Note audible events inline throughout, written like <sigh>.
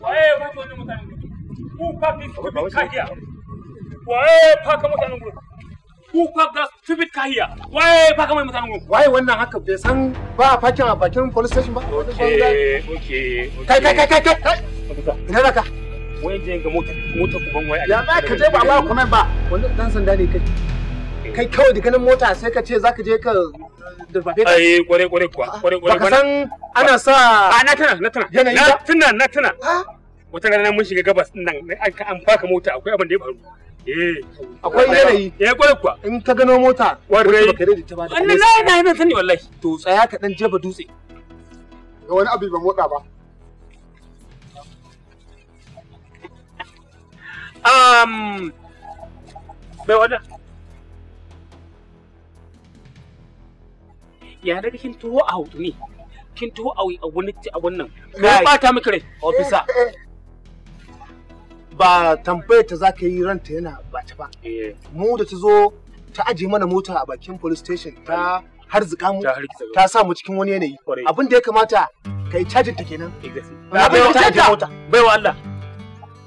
waye ya mutanen gudu ku fa bi stupid kahiya waye fa mutanen gudu ku fa ga stupid kahiya waye fa mutanen gudu waye wannan haka bai san ba a fakin a bakin police station ba okay okay kai kai kai mota sai ka ce zaka je ka durbabe ka ai eh, kware kware kuwa kware kware baka san ana sa a ah, na tana na tana na tana na tana wata rana mun shiga gabas nan an ka an faka mota akwai abin da ya faru eh akwai yanayi eh kware kuwa in ka gano mota wanda baka rede ta ba da wannan na yana sani wallahi to tsaya ka dan jaba dutse ga wani abu ba motsa ba um bai wadda ya kin tuho a hautu ne kin tuho a a wani a wannan eh, ka bata eh. miki rai officer eh, ba tambayar ta ka yi ranta yana bata ba mu da ta zo ta aje mana mota a bakin police station ta harzika mu ta sa mu cikin wani yanayi abin da ya kamata kai cajin ta kenan abin da ta mota baiwa Allah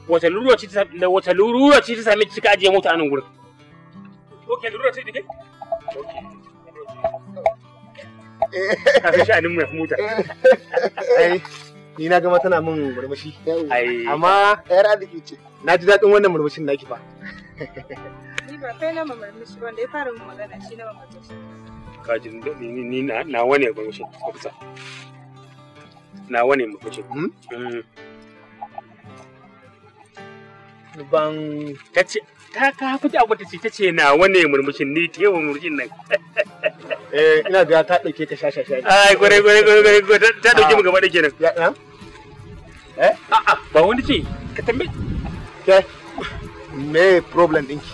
wata lura ce ta wata lura ce ta sami cika aje mota a nan gurin okay lurura ce dike okay ka san sha'anin mai mota ni na gama tana min murmushi amma yar arziki ce na ji daɗin wannan murmushin naki fa ni ba kai na murmushi wanda ya fara mun magana shi na murmushi kaji ni ni na na wane murmushin kusa hmm? na hmm. wane murmushin ban ta ce ta ka fita ta ce ta ce na wane murmushin ni ta yawan murmushin nan eh ina da ta dauke ka shasha shasha ai gore gore gore gore ta dauke mu gaba da kenan eh a'a ba wani ce ka tambaye ke me problem ɗinki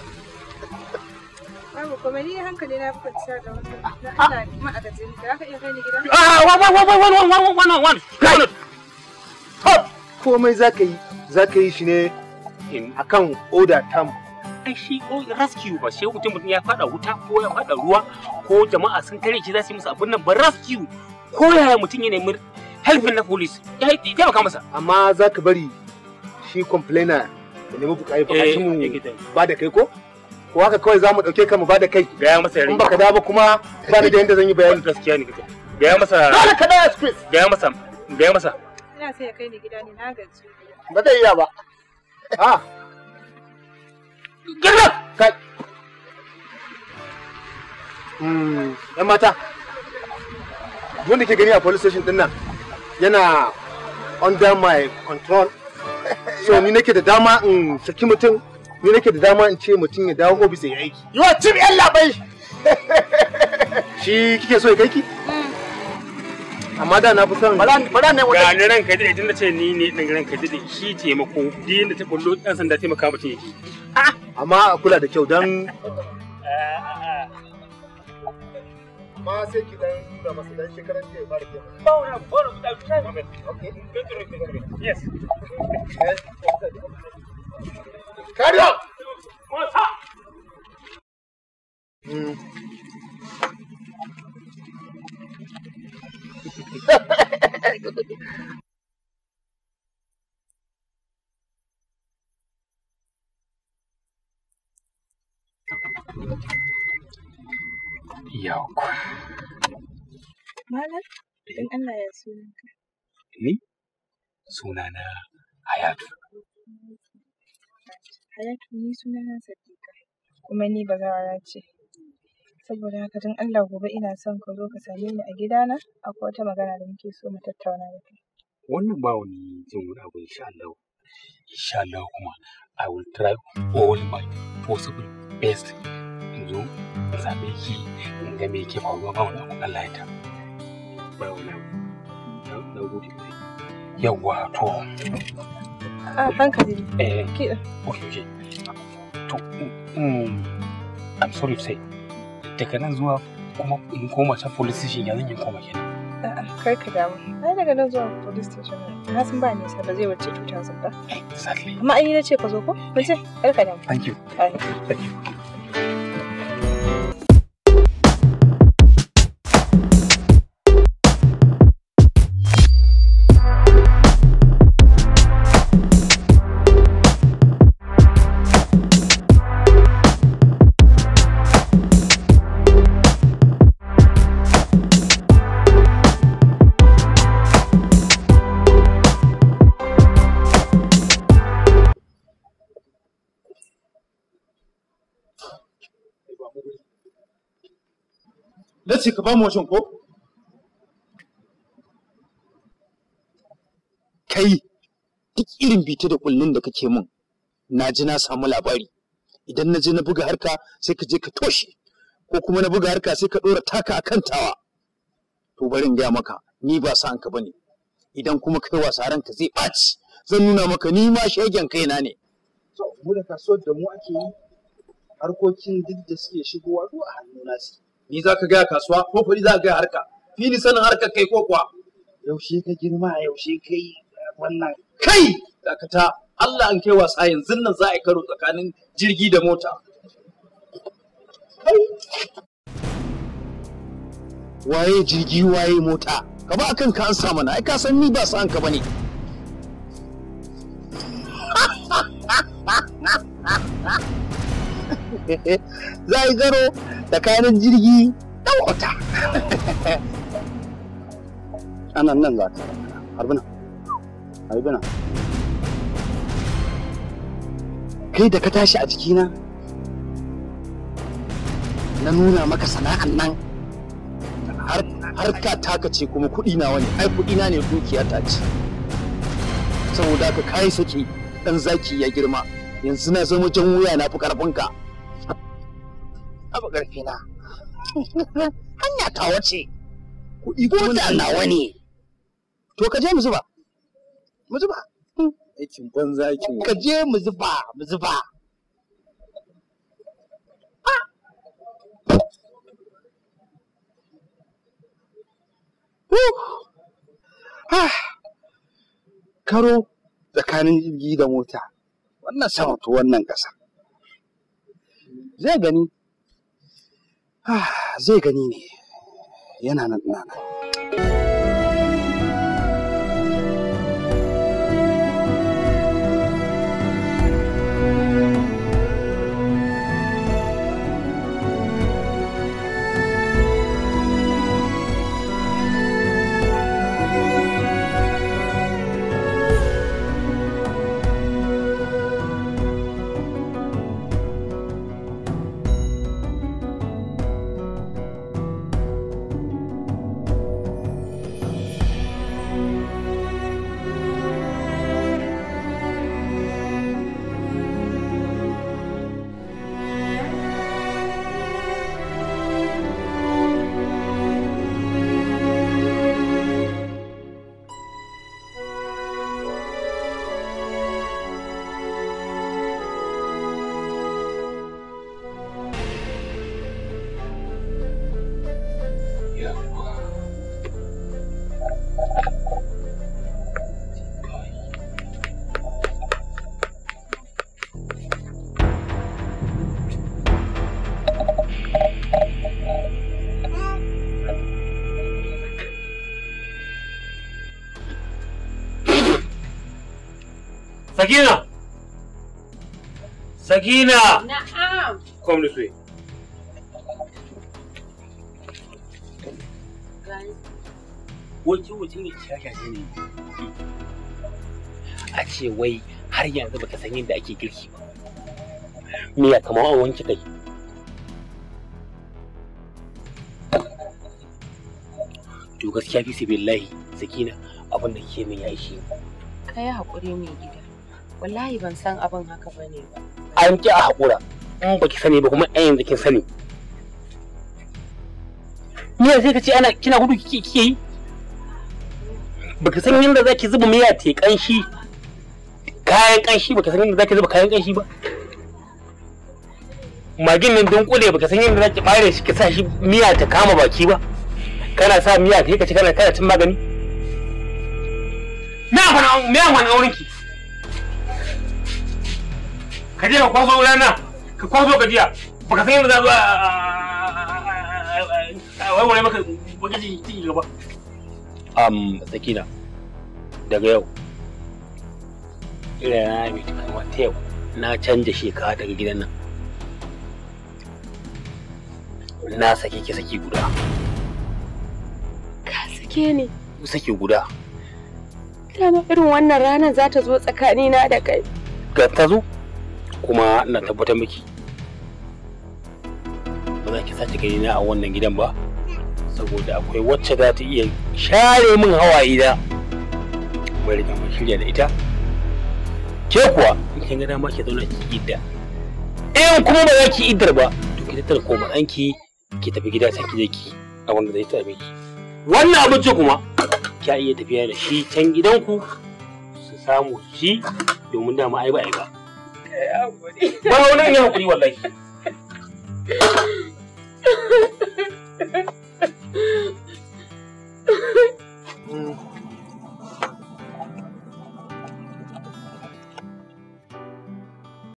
kuma ni hankali na da wannan ah, a gajin ah. ka iya kai ni gida ah, wa wa wa wa wa wa wa wa komai zaka yi zaka yi shi ne akan order tamu ai shi ko rescue ba sai mutum ya fada wuta ko ya fada ruwa ko jama'a sun tare shi za su yi musu abin nan ba rescue ko yaya mutum ya nemi helpin na police ya yi taimaka masa amma za ka bari shi complainer da nemi ba a eh, mu ba da kai ko ko haka kawai za mu dauke ka mu ba da kai gaya masa yare in baka ba kuma ba da yanda zan yi bayani gaskiya ne kace gaya masa dole ka dawo express gaya masa gaya masa ina sai ya kai ni gida ne na gaji ba zai iya ba ah girma ka yan hmm, mata wanda ke gani a police station din nan yana under my control so ni nake da dama in saki mutum ni nake da dama in ce mutum ya dawo ofis ya aiki yiwa cin yan labai <laughs> shi kike so ya kai ki hmm. amma da na fi son bala ne wata ga ran ka dade na ce ni ne dan ran ka dade shi taimako din da ta kullu dan sanda taimaka mutum yake a'a ah! amma a kula da kyau don Ma sai ki dan nuna masa dan shekaran da ba ke ba yes Yawwa. Malam, don Allah ya sunanka. Ni? Sunana Hayatu. Hayatu ni sunana Sadiqa, kuma ni bazawara ce. Saboda haka don Allah gobe ina son ka zo ka same ni a gidana, akwai wata magana da muke so mu tattauna da kai. Wannan ba wani jin wani abu insha Allah. Insha Allah kuma I will try all my possible best in zo in in ga me ke faruwa ba wani abu Allah ya ta ba wani na gode yawwa to a hankali eh. eh okay okay to mm, I'm sorry to say daga nan zuwa kuma in koma can police station ya zan yi koma kenan kai ka dawo ai daga nan zuwa police station na san ba nisa ba zai wuce 2000 ba exactly amma ai na ce ka zo ko mun kar ka dawo thank you thank you ce ka ko kai duk irin bita da kullun da kake min na ji na samu labari idan na je na buga harka sai ka je ka toshe ko kuma na buga harka sai ka ɗora taka a tawa. to barin gaya maka ni ba sa'an ka bane idan kuma kai wasa ranka zai ɓaci zan nuna maka ni ma shagen kaina ne mu da kasuwar da mu ake yi harkokin duk da suke shigowa duk a hannu ni za ka gaya kasuwa ko kuɗi za ka gaya harka fili sanin harka kai ko kuwa yaushe ka girma yaushe kai wannan kai dakata Allah an kai wasa yanzu nan za a yi karo tsakanin jirgi da mota waye jirgi waye mota ka ba kanka an sa mana ai ka san ni ba sa an ka bane <laughs> za a yi tsakanin jirgi wata <laughs> ana nan za ta harbina harbina kai da ka tashi a jikina na nuna maka sana'an nan har ka taka ce kuma kuɗi na wani ai kuɗi na ne dukiya ta ce saboda ka kai saki dan zaki ya girma yanzu na zama jan wuya na fi karfinka abu ƙarfi na <laughs> Hanya ta wace. Kuɗi ko da nawa ne. To ka je mu zuba. Mu zuba. Hmm. Aikin banza aikin. Ka je mu zuba, mu zuba. Ah. Karo tsakanin jirgi da mota, wannan sama to wannan ƙasa. Zai gani Ah, zai gani ne yana nan nan Sakina! Sakina! Come this way. A ce wai har yanzu baka san yadda ake girki ba. Me ya kama a wanke kai? To gaskiya fi sabi Sakina abin da ke min ya ishe. yi haƙuri mai gida. wallahi ban san abin haka ba ne ba an yanki a haƙura in ba ki sani ba kuma ɗan yanzu kin sani ni sai ka ce ana kina gudu kike kike yi baka san yadda zaki zuba miya te kanshi kayan kanshi baka san yadda zaki zuba kayan kanshi ba magin nan don ba baka san yadda zaki bare shi ka sa shi miya ta kama baki ba kana sa miya ta yi ka ci kana kana cin magani me amfanin aurenki ka je ka kwaso rana ka kwaso gajiya baka san yadda za zuwa wai warware maka ji cikin gaba um sakina daga yau ina na yi tukama ta yau na canja shekara daga gidan nan na sake ki saki guda ka sake ni saki guda dama irin wannan ranar za ta zo tsakanina da kai ga ta zo kuma na tabbatar miki ba za ki sace gani na a wannan gidan ba saboda akwai wacce za ta iya share min hawaye da bari riga mun shirya da ita ke kuwa in kin ga dama ki zauna ki idda in kuma ba za ki iddar ba to ki tattara ko danki ki tafi gida sai ki je ki a wanda zai tabe ki wannan abinci kuma ki iya tafiya da shi can gidanku su samu shi domin dama ai ba ai ba Ba wani ya hakuri wallahi.